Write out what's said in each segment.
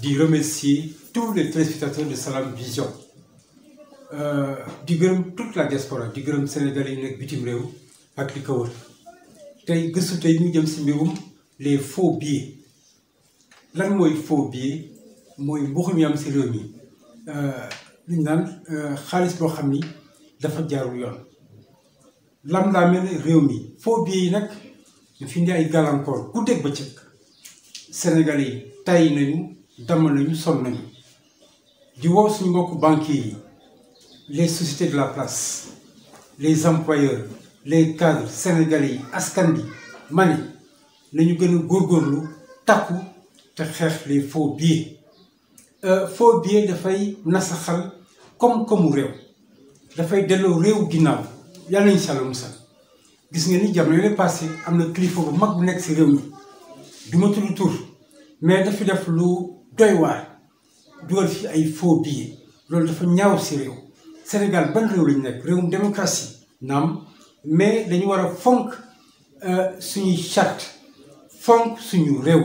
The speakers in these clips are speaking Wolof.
di remercier tous les téléspectateurs de Salam Vision euh, di gërëm toute la diaspora di gërëm Sénégalais yu nekk bitim réew ak li ko tey gëstu tey ñu jëm si mbirum les faux billets lan mooy faux billets mooy mbuxum yi am si réew mi euh, luñ naan euh, xaalis boo xam ni dafa jaarul yoon lam laa mel réew mi faux billets yi nag ñu fi indi ay gàllankoor ku dégg ba yi tay nañu damm ñu sonn nañu di woo suñu mbokk banquiers yi les sociétés de la place les employeurs les cadres sénégalais yi askan bi ma ne nañu gën a góorgóorlu takku te xeex les faux billets euh, faux billets dafay nasaxal koom-koomu réew dafay delloo réew ginnaaw yàlla nañu si àlla gis ngeen ni jamono yooyu passé am na kilifa bu mag bu nekk ci réew mi du ma tur mais dafa def lu doy waar dugal fi ay faux billets loolu dafa ñaaw si réew Sénégal ban réew lañu nekk réewum démocratie naam mais dañu war a fonk euh, suñuy charte fonk suñu réew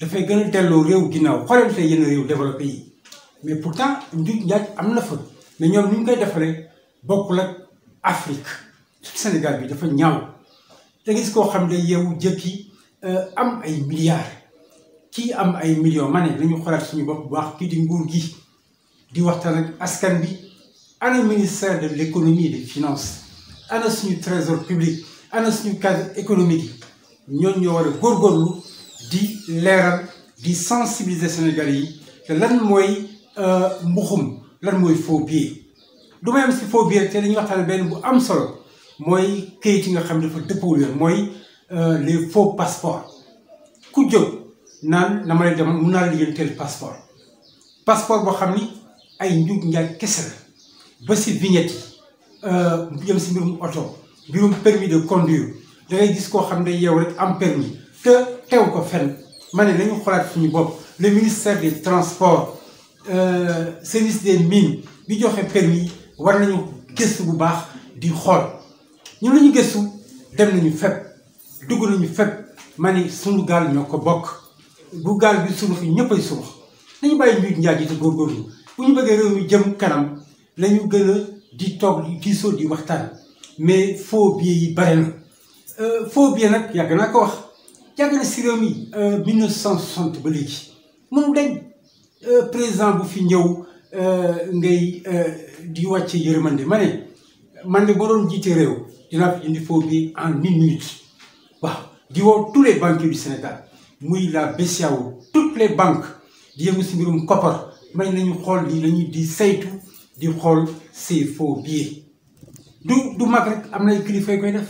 dafay gën a delloo réew ginnaaw xooleen tey yenn réew développé yi mais pourtant njuuj njaaj am na fa mais ñoom ni ñu koy defaree bokkul ak Afrique Sénégal bi dafa ñaaw te gis koo xam ne yow jëkki euh, am ay milliards kii am ay million ma ne nañu xoolaat suñu bopp bu baax kii di nguur gi di waxtaan ak askan bi ana ministère de l' économie et des finances ana suñu trésor public ana suñu cadre économique yi ñooñu ñoo war a góorgóorlu di leeral di sensibiliser Sénégalais yi te lan mooy euh, mbuxum lan mooy faux billet du may am si faux billet te dañuy waxtaan benn bu am solo mooy kayit yi nga xam ne dafa dëppoo mooy euh, les faux passeports ku jóg. naan dama lay dem mun naa la lijjanteel passeport passeport boo xam ni ay njug njaay kese la ba si vignette yi bu euh, jëm si mbirum oto mbirum permis de conduire da gis koo xam ne yow rek am permis te teew ko fenn ma ne dañu xoolaat suñu bopp le ministère des transports euh, sevice de mines bi joxe permis war nañu gëstu bu baax di xool ñun la ñu gëstu dem nañu fépp dugg nañu fépp ma ni sunu gaal ñoo ko bokk bu gaal bi surux ñëpp ay surux nañu bàyyi njuuj njaaj yi te góorgóorlu bu ñu bëggee réew mi jëm kanam lañu gën a di toog di di waxtaan mais foo billets yi bare na faux euh, billets nag yàgg naa ko wax yàgg na si réew mi 1960 euh, ba léegi mënu dañ euh, président bu fi ñëw ngay di wàcce yërmande ma ne man de boo doon jiite réew dinaa fi indi foo billets en une minute waaw di woo tous les banquiers du Sénégal muy la BCEAO toutes les banque di yëngu si mbirum koppar may nañu xool lii lañuy di saytu di xool ces faux billets du du mag rek am na kilifa yu koy def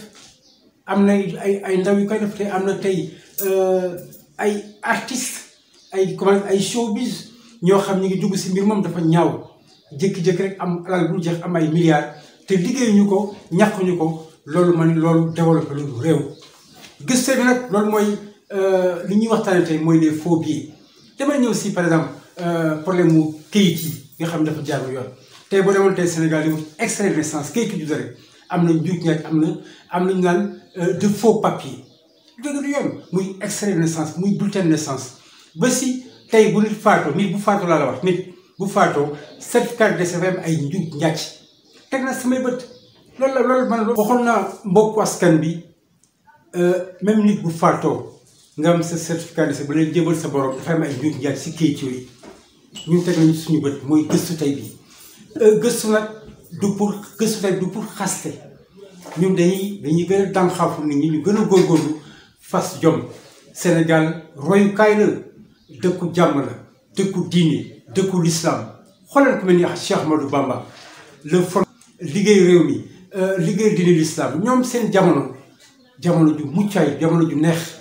am na ay ay ndaw yu koy def te am na tey euh, ay artistes ay comment ay showbiz ñoo xam ñu ngi dugg si mbir moom dafa ñaaw jékki-jékki rek am alal bu jeex am ay milliards te liggéeyuñu ko ñàkkuñu ko loolu man loolu développé lu réew gëstu nag loolu mooy. Euh, li ñuy waxtaanee tey mooy les faux billets damay ñëw si par exemple euh, problème mu kayit yi nga xam ne dafa jaarul yoon tey boo demoon tey Sénégal yi wut extrait de naissance kayit am na njuut am na am nañu naan euh, de faux papier dégg yoon muy extrait de naissance muy bulletin de naissance ba si tey bu nit faatoo nit bu faatoo laa la wax nit bu faatoo certificat de décès am ay njuut ñaaj teg na samay bët loolu la loolu man waxoon naa mbokku askan bi même nit bu faatoo nga am sa certificat de bu leen jébal sa borom dafa am ay njuuj njaaj si kayit yooyu ñun teg nañu suñu bët mooy gëstu tey bii euh, gëstu nag du pour gëstu tey du pour xaste ñun dañuy dañuy gën a dànxaafu nit ñi ñu gën a góorgóorlu fas jom Sénégal royukaay la dëkku jàmm la dëkku diine dëkku lislaam xoolal ku mel ni Cheikh Ahmadou Bamba le fond liggéey réew mi euh, liggéey diine lislaam ñoom seen jamono jamono ju muccaay jamono ju neex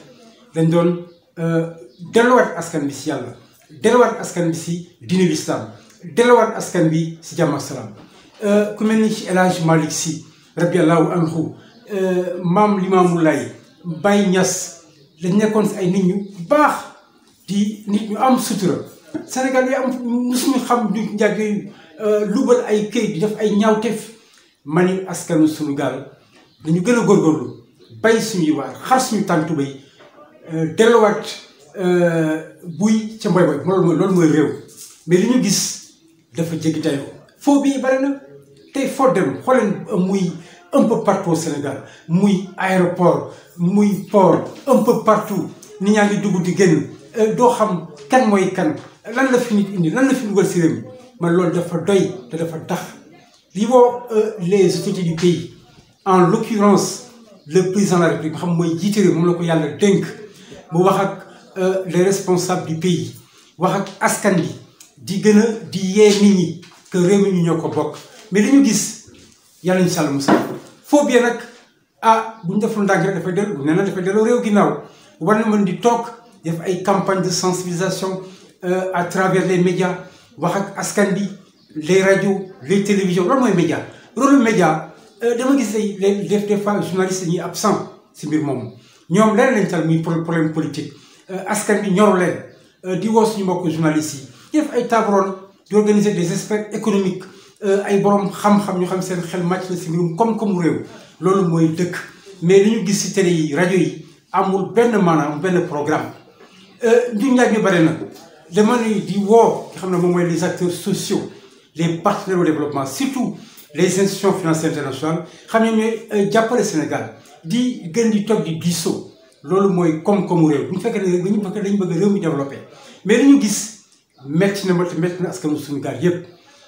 dañ doon euh, delluwaat askan bi si yàlla delluwaat askan bi si diine lislaam delluwaat askan bi si jàmm ak salaam euh, ku mel ni ci El Hadj Malick Sy rabiallahu anhu euh, maam Limaamu Laay Baye dañ nekkoon si ay nit ñu baax di nit ñu am sutura Sénégal yi am musuñu xam ñu njàgg yooyu lubal ay këyit di def ay ñaawteef mani askanu sunu gaal dañu gën a góorgóorlu bay suñu waar xar suñu tàntu bay Euh, delluwaat euh, buy ca mboy mboy loolu mooy réew mais li ñu gis dafa jéggi dayoo foo bii bari na tey foo dem xooleen euh, muy un partout Sénégal muy aéroport muy port un partout nit ñaan ngi dugg di génn doo xam kan mooy kan lan la fi nit indi lan la fi dugal si réew man loolu dafa doy te dafa tax li woo les autorités du pays en l'occurrence le président de la République xam mooy jiite réew moom la ko yàlla dénk mu wax ak euh, les responsables du pays wax ak askan bi di gën a di yee nit ñi réew mi ñu ñoo ko bokk mais li ñu gis yàlla ñu sàll musa foo bien nag ah bu ñu deful ndànk rek dafay na dafay delloo réew ginnaaw war na mën di toog def ay campagne de sensibilisation euh, à travers les médias wax ak askan bi les radios les télévisions loolu mooy média rôle média euh, dama gis ay les des fois journalistes yi absent si mbir moom ñoom leen lañ tal muy problème politique euh, askan bi ñoru leen euh, di woo suñu mbokk journalistes yi di def ay table ronde di organiser des experts économiques euh, ay borom xam-xam ñu xam seen xel màcc na si mbirum koom-koomu réew loolu mooy dëkk mais li ñu gis si télé yi rajo yi amul benn maanaam benn programme njuñ njaaj ñu bare na dama ni di woo xam ne moom mooy les acteurs sociaux les partenaires au développement surtout les institutions financières internationales xam ne ñooy Sénégal di gën di toog di diisoo loolu mooy koom-koomu réew bu ñu fekkee ne bu ñu fekkee dañu bëgg réew mi développé mais li ñu gis métti na métti métti na askanu suñu gaal yëpp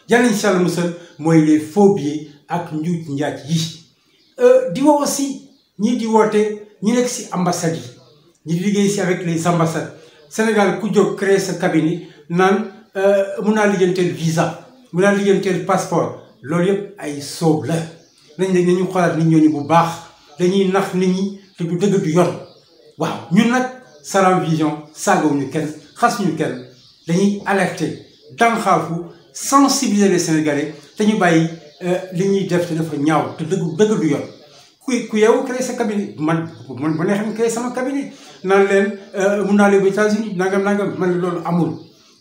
yàlla incha allah musal mooy les faux ak njuuj njaaj yi. Euh, di woo aussi ñii di woote ñi nekk si ambassades yi ñi di liggéey si avec les ambassades Sénégal ku jóg créer sa cabinet naan euh, mun naa lijjanteel visa mun naa lijjanteel passeport loolu yëpp ay soob la nañ ne ñu xoolaat nit ñooñu bu baax. dañuy nax nit ñi te du dëgg du yoon waaw ñun nag Salam Vision saagawuñu kenn xasuñu kenn dañuy alerte dànxaafu sensibiliser les te ñu bàyyi euh, li ñuy def te dafa ñaaw te dëgg dëgg du yoon ku ku yeewu créé sa cabinet man man ma neexee créé sama cabinet naan leen euh, mun naa leen ba États-Unis nangam nangam man loolu amul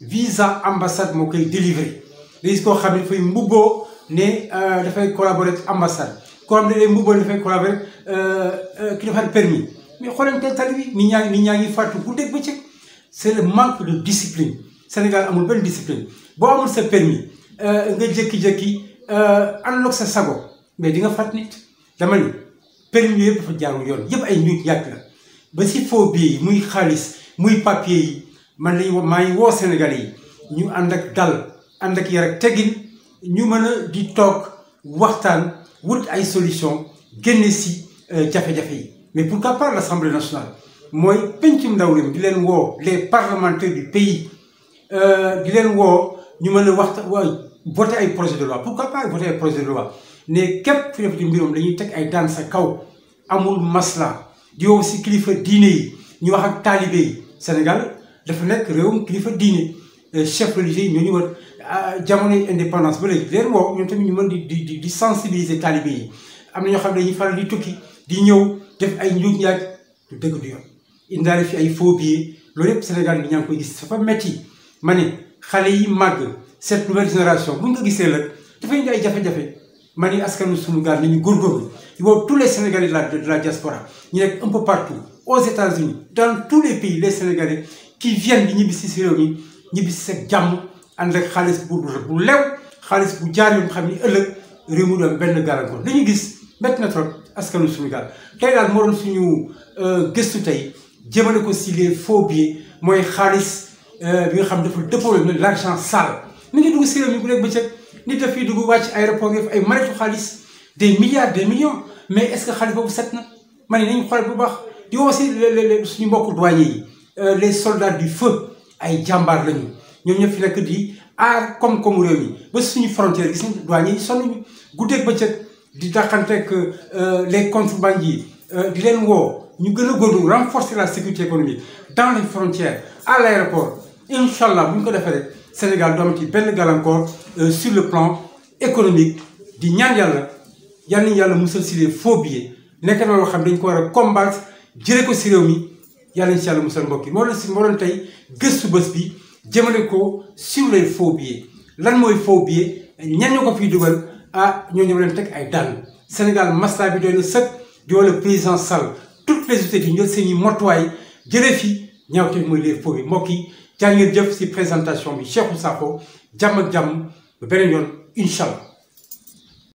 visa ambassade moo koy délivré. léegi koo xam ne dafay mbubboo ne euh, dafay collaborer ak ambassade. koo xam ne day mbubboo dafay ko rek euh, euh, ki defar permis mais xooleen tey ni bi nit ñaa ngi ñaa ngi fàttu bu dégg bëccëg c'est le manque de discipline Sénégal amul benn discipline boo amul sa permis euh, nga jékki-jékki àndaloog sa sago mais di nga fàtt nit dama ni permis yëpp dafa jaarul yoon yëpp ay ñuy yàgg la ba si faux billets yi muy xaalis muy papier yi man lañu woo maa ngi woo sénégal yi ñu ànd ak dal ànd ak yar ak teggin ñu mën a di toog waxtaan wut ay solution génne si euh, jafe-jafe yi mais pourquoi pas l'Assemblée nationale mooy pencum ndaw leen di leen woo les parlementaires du pays euh, di leen woo ñu mën a waxta voter ay projet de loi pourquoi pas voter ay projet de loi ne képp fi def di mbiroom dañuy teg ay daan sa kaw amul masla di wow si kilifa diine yi ñu wax ak taalibe yi Sénégal dafa nekk réewum kilifa diine Euh, chef religieux yi ñoo ñu war ah, jamonoy indépendance ba léegi leen woo ñoom tamit ñu mën di di di sensibiliser taalibe yi am na ñoo xam ne dañuy faral di tukki di ñëw def ay njuuj njaaj du dëgg du yoon indaale fi ay faux billets loolu yëpp Sénégal bi ñaa ngi koy gis dafa metti ma ne xale yi màgg cette nouvelle génération buñ ko gisee nag dafay ay jafe-jafe ma ne askanu suñu gaal nañu góorgóorlu wow tous les Sénégalais de la de la diaspora ñu nekk un peu partout aux États-Unis dans tous les pays les Sénégalais qui viennent di ñibbi si réew mi ñibbi si sa jàmm ànd ak xaalis bu bu lew xaalis bu jaar yoon xam ni ëllëg réew mi doon benn gàllankoor li ñu gis métti na trop askanu suñu gaal tey daal moo doon suñu euh, gëstu tey jëmale ko si les faux billets mooy xaalis euh, bi nga xam dafa dëppoo na l'argent sale mi ngi dugg si réew mi bu nekk bëccëg nit daf fiy dugg wàcc aéroport def ay maretu xaalis des milliards des millions mais est que xaalis boobu set na ma ne nañu xool bu baax di woo si suñu mbokku douanier euh, les soldats du feu ay jàmbaar lañu ñoom ñoo fi nekk di aar koom-koomu réew mi ba suñu frontière gis nañu douane yi sonn ñu guddeeg bëccëg di taxanteeg euh, les yi euh, di leen ñu gën a góorlu renforcer la sécurité économique dans les frontières à l' aéroport incha allah bu ñu ko defaree Sénégal du amati benn gàllankoor euh, sur le plan économique di ñaan yàlla yal nañu yàlla musal si les faux billets nekk na loo xam dañ ko war a combattre jëlee ko si réew mi. yàlla incha allah musal mbokk yi moo doon si moo doon tey gëstu bés bi jëmale ko sur les faux lan mooy faux billets ñan ñoo ko fiy dugal ah ñoo ñëw leen teg ay dàll Sénégal masla bi doo na sëkk di wala président Sall toutes les autorités yi ñëw seen i motuwaay jëlee fi ñaaw te mooy les faux billets mbokk yi jaa ngeen jëf si présentation bi Cheikhou Sakho jàmm ak jàmm ba beneen yoon incha allah